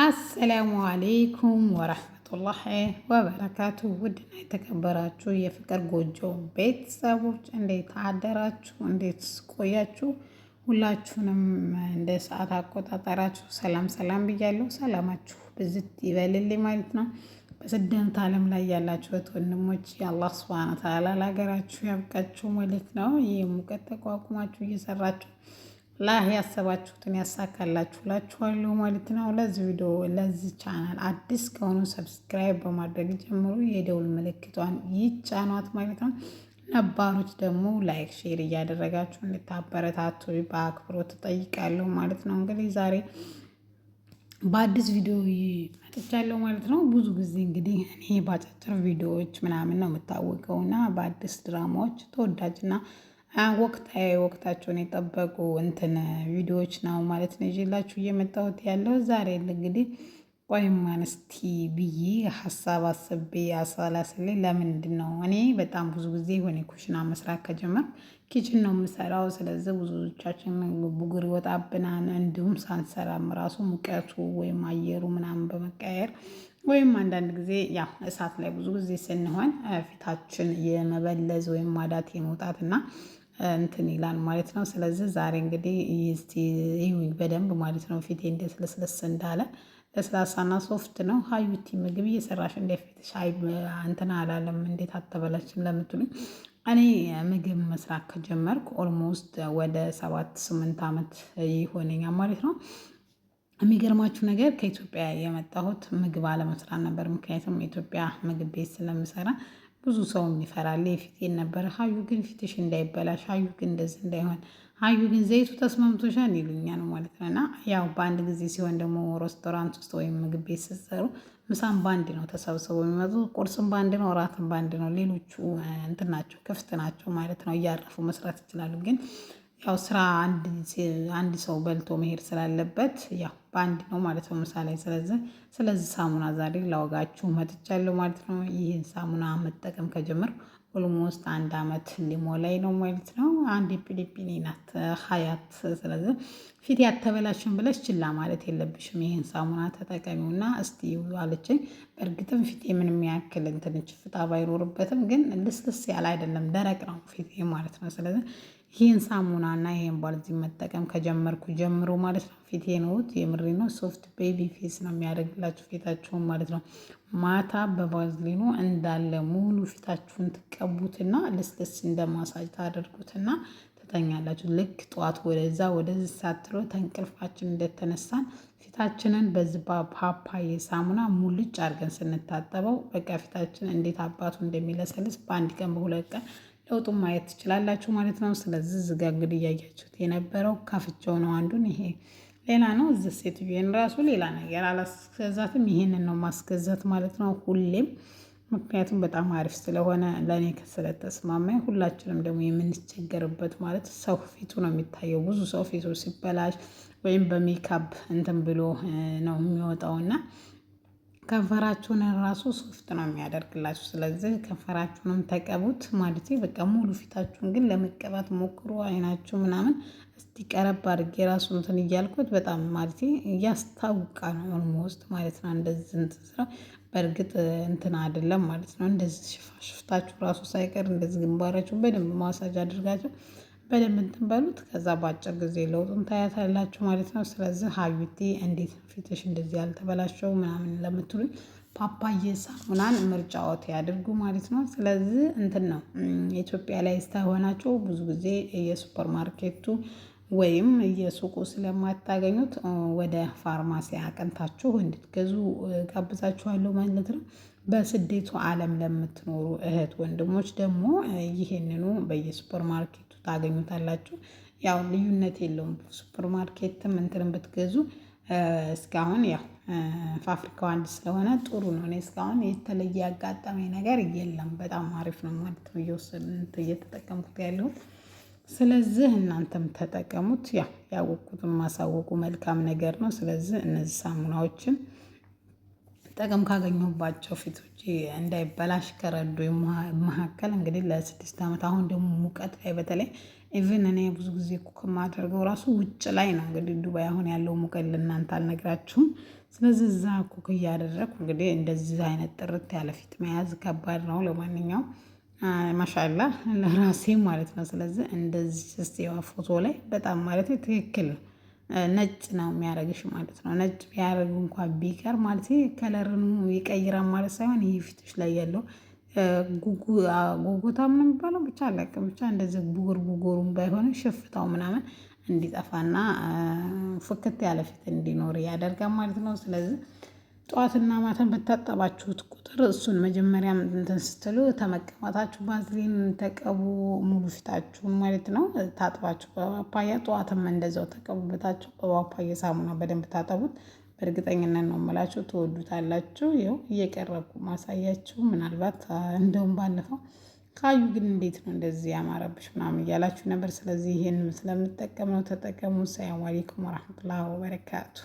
አሰላሙ አሌይኩም ወረህመቱላህ ወበረካቱ። ውድና የተከበራችሁ የፍቅር ጎጆ ቤተሰቦች እንዴት አደራችሁ? እንዴት ቆያችሁ? ሁላችሁንም እንደ ሰዓት አቆጣጠራችሁ ሰላም ሰላም ብያለሁ። ሰላማችሁ ብዝት ይበልልኝ ማለት ነው። በስደት ዓለም ላይ ያላችሁት ወንድሞች የአላህ ስብሃነ ተዓላ ለሀገራችሁ ያብቃችሁ ማለት ነው። ይህ ሙቀት ተቋቁማችሁ እየሰራችሁ ላህ ያሰባችሁትን ያሳካላችሁላችኋለሁ ማለት ነው። ለዚህ ቪዲዮ ለዚህ ቻናል አዲስ ከሆኑ ሰብስክራይብ በማድረግ ጀምሩ፣ የደውል ምልክቷን ይጫኗት ማለት ነው። ነባሮች ደግሞ ላይክ፣ ሼር እያደረጋችሁ እንድታበረታቱ በአክብሮት ትጠይቃለሁ ማለት ነው። እንግዲህ ዛሬ በአዲስ ቪዲዮ መጥቻለሁ ማለት ነው። ብዙ ጊዜ እንግዲህ እኔ በአጫጭር ቪዲዮዎች ምናምን ነው የምታወቀው እና በአዲስ ድራማዎች ተወዳጅና ወቅታዊ ወቅታቸውን የጠበቁ እንትን ቪዲዮዎች ነው ማለት ነው ይዤላችሁ እየመጣሁት ያለው ዛሬ እንግዲህ ቆይማ እስቲ ብዬ ሀሳብ አስቤ አሰላስሌ ለምንድን ነው እኔ በጣም ብዙ ጊዜ የሆነ ኩሽና መስራት ከጀመር ኪችን ነው የምሰራው። ስለዚህ ብዙዎቻችን ቡግር ይወጣብናል። እንዲሁም ሳንሰራም ራሱ ሙቀቱ ወይም አየሩ ምናምን በመቀየር ወይም አንዳንድ ጊዜ ያው እሳት ላይ ብዙ ጊዜ ስንሆን ፊታችን የመበለዝ ወይም ማዳት የመውጣት እና እንትን ይላል ማለት ነው። ስለዚህ ዛሬ እንግዲህ ይህ በደንብ ማለት ነው ፊቴ እንዴት ልስልስ እንዳለ ለስላሳና ሶፍት ነው። ሀዩቲ ምግብ እየሰራሽ እንዴት ፊትሽ እንትን አላለም እንዴት አተበላችም ለምትሉኝ እኔ ምግብ መስራት ከጀመርኩ ኦልሞስት ወደ ሰባት ስምንት ዓመት ይሆነኛል ማለት ነው። የሚገርማችሁ ነገር ከኢትዮጵያ የመጣሁት ምግብ አለመስራት ነበር። ምክንያቱም የኢትዮጵያ ምግብ ቤት ስለምሰራ ብዙ ሰው ይፈራል። የፊቴን ነበር ሀዩ ግን ፊትሽ እንዳይበላሽ፣ ሀዩ ግን እንደዚህ እንዳይሆን፣ ሀዩ ግን ዘይቱ ተስማምቶሻል ይሉኛል ማለት ነው። እና ያው በአንድ ጊዜ ሲሆን ደግሞ ሬስቶራንት ውስጥ ወይም ምግብ ቤት ስትሰሩ ምሳም በአንድ ነው ተሰብስበው የሚመጡ ቁርስም በአንድ ነው፣ ራትም በአንድ ነው። ሌሎቹ እንትን ናቸው ክፍት ናቸው ማለት ነው። እያረፉ መስራት ይችላሉ ግን ያው ስራ አንድ ሰው በልቶ መሄድ ስላለበት ያው በአንድ ነው ማለት ነው ምሳ ላይ። ስለዚህ ስለዚህ ሳሙና ዛሬ ላወጋችሁ መጥቻለሁ ማለት ነው። ይህን ሳሙና መጠቀም ከጀመርኩ ኦልሞስት አንድ አመት ሊሞላኝ ነው ማለት ነው። አንድ ፊሊፒኒ ናት ሀያት። ስለዚህ ፊት ያተበላሽን ብለሽ ችላ ማለት የለብሽም። ይህን ሳሙና ተጠቀሚው ተጠቀሚውና እስቲ አለችኝ። በእርግጥም ፊቴ ምን የሚያክል እንትንች ፍጣ ባይኖርበትም ግን ልስልስ ያለ አይደለም፣ ደረቅ ነው ፊቴ ማለት ነው። ስለዚህ ይህን ሳሙና ሳሙናና ይህን ባልዚን መጠቀም ከጀመርኩ ጀምሮ ማለት ነው ፊቴን ውት የምሬ ነው። ሶፍት ቤቢ ፌስ ነው የሚያደርግላችሁ ፊታችሁን ማለት ነው። ማታ በቫዝሊኑ እንዳለ ሙሉ ፊታችሁን ትቀቡትና ልስልስ እንደ ማሳጅ ታደርጉትና ትተኛላችሁ። ልክ ጠዋት ወደዛ ወደዚህ ሳትሎ ተንቅልፋችን እንደተነሳን ፊታችንን በዝባ በፓፓዬ ሳሙና ሙልጭ አድርገን ስንታጠበው በቃ ፊታችን እንዴት አባቱ እንደሚለሰልስ በአንድ ቀን በሁለት ቀን ለውጡ ማየት ትችላላችሁ ማለት ነው። ስለዚህ ዝጋ እንግዲህ እያያችሁት የነበረው ካፍቸው ነው አንዱን ይሄ ሌላ ነው። እዚህ ሴትዮን ራሱ ሌላ ነገር አላስገዛትም። ይህንን ነው ማስገዛት ማለት ነው ሁሌም ምክንያቱም በጣም አሪፍ ስለሆነ ለእኔ ስለተስማማኝ ሁላችንም ደግሞ የምንቸገርበት ማለት ሰው ፊቱ ነው የሚታየው። ብዙ ሰው ፊቱ ሲበላሽ ወይም በሜካፕ እንትን ብሎ ነው የሚወጣውና ከንፈራችሁን ራሱ ሶፍት ነው የሚያደርግላችሁ። ስለዚህ ከንፈራችሁንም ተቀቡት ማለት በቃ ሙሉ ፊታችሁን ግን ለመቀባት ሞክሩ። አይናችሁ ምናምን እስቲ ቀረብ አድርጌ ራሱ እንትን እያልኩት በጣም ማለት ነው ኦልሞስት ማለት ነው። እንደዚህ እንትን ስራ በእርግጥ እንትን አይደለም ማለት ነው። እንደዚህ ሽፋሽፍታችሁ ራሱ ሳይቀር እንደዚህ ግንባራችሁ በደንብ ማሳጅ አድርጋችሁ በደንብ እንትን በሉት። ከዛ በአጭር ጊዜ ለውጡን ታያታላችሁ ማለት ነው። ስለዚህ ሀዩቴ እንዴት ፊትሽ እንደዚህ ያልተበላሸው ምናምን ለምትሉኝ ፓፓዬ ሳሙናን ምርጫዎት ያድርጉ ማለት ነው። ስለዚህ እንትን ነው ኢትዮጵያ ላይ ስታይሆናቸው ብዙ ጊዜ የሱፐር ማርኬቱ ወይም የሱቁ ስለማታገኙት ወደ ፋርማሲ አቅንታችሁ እንድትገዙ ጋብዛችኋለሁ ማለት ነው። በስደቱ ዓለም ለምትኖሩ እህት ወንድሞች ደግሞ ይህንኑ በየሱፐር ማርኬቱ ታገኙታላችሁ። ያው ልዩነት የለውም። ሱፐር ማርኬትም እንትንም ብትገዙ እስካሁን ያው ፋብሪካው አንድ ስለሆነ ጥሩ ነው። እኔ እስካሁን የተለየ አጋጣሚ ነገር የለም። በጣም አሪፍ ነው ማለት ነው እየተጠቀምኩት ያለሁት። ስለዚህ እናንተም ተጠቀሙት። ያው ያወቅኩትን ማሳወቁ መልካም ነገር ነው። ስለዚህ እነዚህ ሳሙናዎችን ጥቅም ካገኙባቸው ፊቶች እንዳይበላሽ ከረዱ መካከል እንግዲህ ለስድስት ዓመት አሁን ደግሞ ሙቀት ላይ በተለይ ኢቭን እኔ ብዙ ጊዜ ኩክ የማደርገው ራሱ ውጭ ላይ ነው። እንግዲህ ዱባይ አሁን ያለው ሙቀት ልናንተ አልነግራችሁም። ስለዚህ እዛ ኩክ እያደረግኩ እንግዲህ እንደዚህ አይነት ጥርት ያለ ፊት መያዝ ከባድ ነው። ለማንኛውም ማሻላ ለራሴ ማለት ነው። ስለዚህ እንደዚህ ፎቶ ላይ በጣም ማለት ትክክል ነው። ነጭ ነው የሚያደርግሽ ማለት ነው። ነጭ ቢያደርግ እንኳ ቢቀር ማለት ከለርን ይቀይራል ማለት ሳይሆን ይህ ፊትሽ ላይ ያለው ጉጉታ ምን የሚባለው ብቻ አላውቅም፣ ብቻ እንደዚህ ቡጉር ቡጉሩም ባይሆን ሽፍታው ምናምን እንዲጠፋና ፍክት ያለ ፊት እንዲኖር ያደርጋል ማለት ነው። ስለዚህ ጠዋትና ማተን በታጠባችሁት ቁጥር እሱን መጀመሪያም እንትን ስትሉ ተመቀማታችሁ ባዝሊን ተቀቡ፣ ሙሉ ፊታችሁን ማለት ነው። ታጥባችሁ በፓፓያ ጠዋትም እንደዛው ተቀቡበታችሁ። በፓፓያ ሳሙና በደንብ ታጠቡት። በእርግጠኝነት ነው የምላችሁ ትወዱታላችሁ። ይኸው እየቀረብኩ ማሳያችሁ። ምናልባት እንደውም ባለፈው ካዩ ግን እንዴት ነው እንደዚህ ያማረብሽ ምናምን እያላችሁ ነበር። ስለዚህ ይህን ስለምጠቀም ነው ተጠቀሙ። ሰላም አለይኩም ወረሕመቱላሂ ወበረካቱ